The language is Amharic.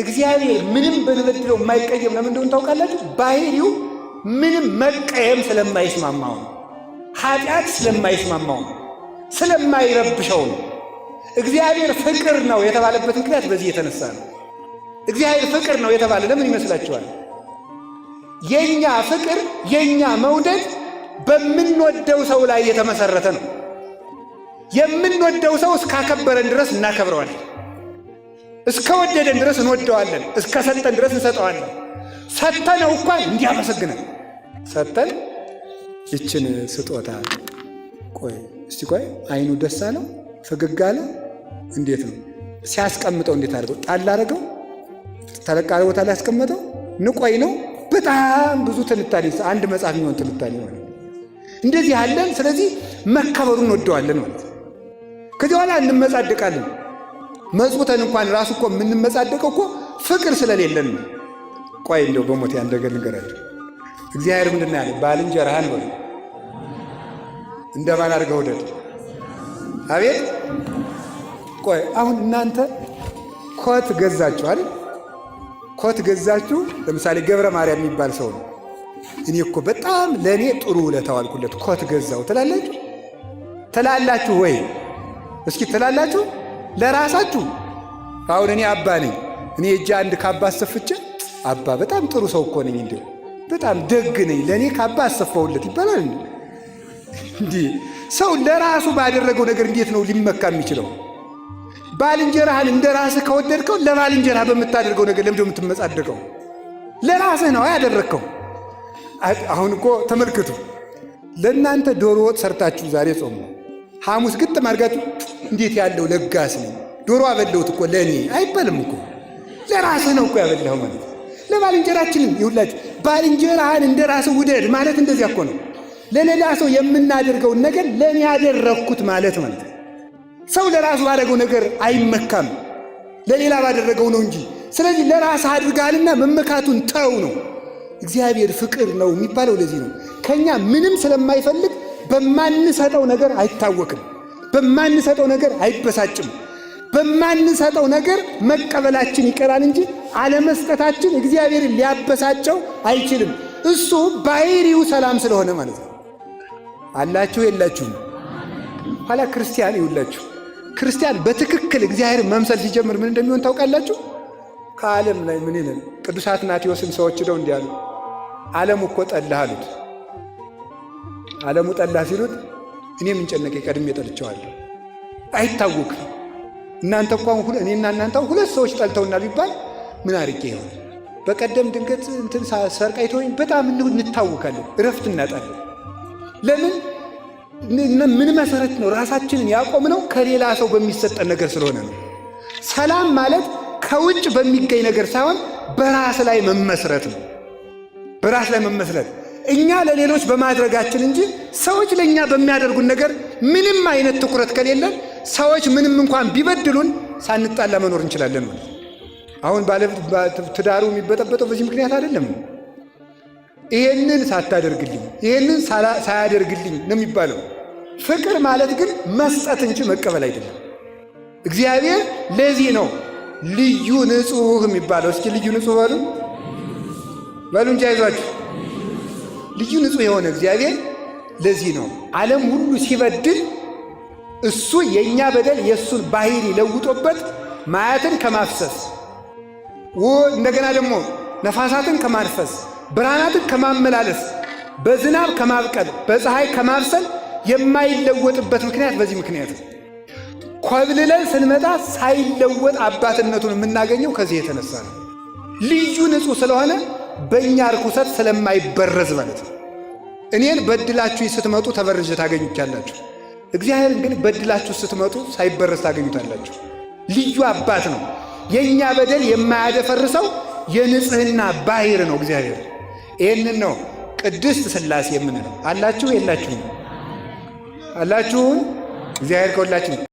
እግዚአብሔር ምንም ብንበድለው የማይቀየም ለምን እንደሆነ ታውቃላችሁ? ባህሪው ምንም መቀየም ስለማይስማማው ነው። ኃጢአት ስለማይስማማው ነው፣ ስለማይረብሸው ነው። እግዚአብሔር ፍቅር ነው የተባለበት ምክንያት በዚህ የተነሳ ነው። እግዚአብሔር ፍቅር ነው የተባለ ለምን ይመስላችኋል? የእኛ ፍቅር የእኛ መውደድ በምንወደው ሰው ላይ የተመሰረተ ነው። የምንወደው ሰው እስካከበረን ድረስ እናከብረዋለን። እስከ ወደደን ድረስ እንወደዋለን፣ እስከ ሰጠን ድረስ እንሰጠዋለን። ሰተነው እንኳን እንዲያመሰግነን ሰተን ይችን ስጦታ ቆይ እስቲ ቆይ፣ አይኑ ደስ አለው፣ ፈገግ አለ። እንዴት ነው ሲያስቀምጠው? እንዴት አድርገው ጣል አድርገው ተለቃ ቦታ ላይ ያስቀመጠው ንቆይ ነው። በጣም ብዙ ትንታኔ፣ አንድ መጽሐፍ የሚሆን ትንታኔ ሆነ። እንደዚህ አለን። ስለዚህ መከበሩን እንወደዋለን ማለት ከዚህ በኋላ እንመጻደቃለን። መጽውተን እንኳን ራሱ እኮ የምንመጻደቀው እኮ ፍቅር ስለሌለን ነው። ቆይ እንደው በሞት ያን ነገር እግዚአብሔር ምንድን ያለ ባልንጀራህን በሉ እንደማን አድርገህ ውደድ። አቤት ቆይ አሁን እናንተ ኮት ገዛችሁ አይደል? ኮት ገዛችሁ። ለምሳሌ ገብረ ማርያም የሚባል ሰው ነው። እኔ እኮ በጣም ለእኔ ጥሩ ውለታ ዋልኩለት ኮት ገዛው ትላላችሁ ትላላችሁ ወይ? እስኪ ትላላችሁ ለራሳችሁ አሁን እኔ አባ ነኝ። እኔ እጅ አንድ ካባ አሰፍቼ አባ በጣም ጥሩ ሰው እኮ ነኝ፣ እንዲሁ በጣም ደግ ነኝ፣ ለእኔ ካባ አሰፋውለት ይባላል። እንዲህ ሰው ለራሱ ባደረገው ነገር እንዴት ነው ሊመካ የሚችለው? ባልንጀራህን እንደ ራስህ ከወደድከው ለባልንጀራህ በምታደርገው ነገር ለምደ የምትመጻደቀው? ለራስህ ነው ያደረግከው። አሁን እኮ ተመልከቱ፣ ለእናንተ ዶሮ ወጥ ሰርታችሁ ዛሬ ጾሙ፣ ሐሙስ ግጥም አድርጋችሁ እንዴት ያለው ለጋስ ነኝ፣ ዶሮ አበላሁት እኮ ለእኔ አይባልም እኮ ለራስህ ነው እኮ ያበላኸው ማለት ለባልንጀራችንም ይሁላችሁ። ባልንጀራህን እንደ ራስህ ውደድ ማለት እንደዚያ እኮ ነው። ለሌላ ሰው የምናደርገውን ነገር ለእኔ ያደረግኩት ማለት ማለት ነው። ሰው ለራሱ ባደረገው ነገር አይመካም፣ ለሌላ ባደረገው ነው እንጂ። ስለዚህ ለራስህ አድርጋልና መመካቱን ተው ነው። እግዚአብሔር ፍቅር ነው የሚባለው ለዚህ ነው። ከእኛ ምንም ስለማይፈልግ በማንሰጠው ነገር አይታወቅም። በማንሰጠው ነገር አይበሳጭም። በማንሰጠው ነገር መቀበላችን ይቀራል እንጂ አለመስጠታችን እግዚአብሔር ሊያበሳጨው አይችልም። እሱ ባህሪው ሰላም ስለሆነ ማለት ነው። አላችሁ የላችሁም? ኋላ ክርስቲያን ይውላችሁ። ክርስቲያን በትክክል እግዚአብሔር መምሰል ሲጀምር ምን እንደሚሆን ታውቃላችሁ? ከዓለም ላይ ምን ይለን? ቅዱስ አትናቴዎስን ሰዎች ደው እንዲህ አሉ። ዓለም እኮ ጠላህ አሉት። ዓለሙ ጠላህ ሲሉት እኔ የምንጨነቀ ቀድሜ ጠልቸዋለሁ። አይታወቅም። እናንተ እንኳን እኔና እናንተ ሁለት ሰዎች ጠልተውናል ቢባል ምን አርቄ ይሆናል? በቀደም ድንገት እንትን ሰርቃይቶ በጣም እንታወካለን፣ እረፍት እናጣለን። ለምን? ምን መሰረት ነው ራሳችንን ያቆምነው? ከሌላ ሰው በሚሰጠን ነገር ስለሆነ ነው። ሰላም ማለት ከውጭ በሚገኝ ነገር ሳይሆን በራስ ላይ መመስረት ነው። በራስ ላይ መመስረት እኛ ለሌሎች በማድረጋችን እንጂ ሰዎች ለእኛ በሚያደርጉን ነገር ምንም አይነት ትኩረት ከሌለን ሰዎች ምንም እንኳን ቢበድሉን ሳንጣላ መኖር እንችላለን ማለት ነው። አሁን ባለ ትዳሩ የሚበጠበጠው በዚህ ምክንያት አይደለም። ይሄንን ሳታደርግልኝ፣ ይሄንን ሳያደርግልኝ ነው የሚባለው። ፍቅር ማለት ግን መስጠት እንጂ መቀበል አይደለም። እግዚአብሔር ለዚህ ነው ልዩ ንጹህ የሚባለው። እስኪ ልዩ ንጹህ በሉ በሉ እንጂ አይዟችሁ ልዩ ንጹህ የሆነ እግዚአብሔር ለዚህ ነው ዓለም ሁሉ ሲበድል እሱ የእኛ በደል የእሱን ባህሪ ለውጦበት ማያትን ከማፍሰስ እንደገና ደግሞ ነፋሳትን ከማንፈስ ብርሃናትን ከማመላለስ በዝናብ ከማብቀል በፀሐይ ከማብሰል የማይለወጥበት ምክንያት በዚህ ምክንያት ነው። ኮብልለን ስንመጣ ሳይለወጥ አባትነቱን የምናገኘው ከዚህ የተነሳ ነው። ልዩ ንጹህ ስለሆነ በእኛ ርኩሰት ስለማይበረዝ ማለት ነው። እኔን በድላችሁ ስትመጡ ተበርዤ ታገኙቻላችሁ። እግዚአብሔርን ግን በድላችሁ ስትመጡ ሳይበረዝ ታገኙታላችሁ። ልዩ አባት ነው። የእኛ በደል የማያደፈርሰው የንጽህና ባህር ነው እግዚአብሔር። ይህንን ነው ቅድስት ስላሴ የምንለው። አላችሁ የላችሁም? አላችሁም እግዚአብሔር ከሁላችን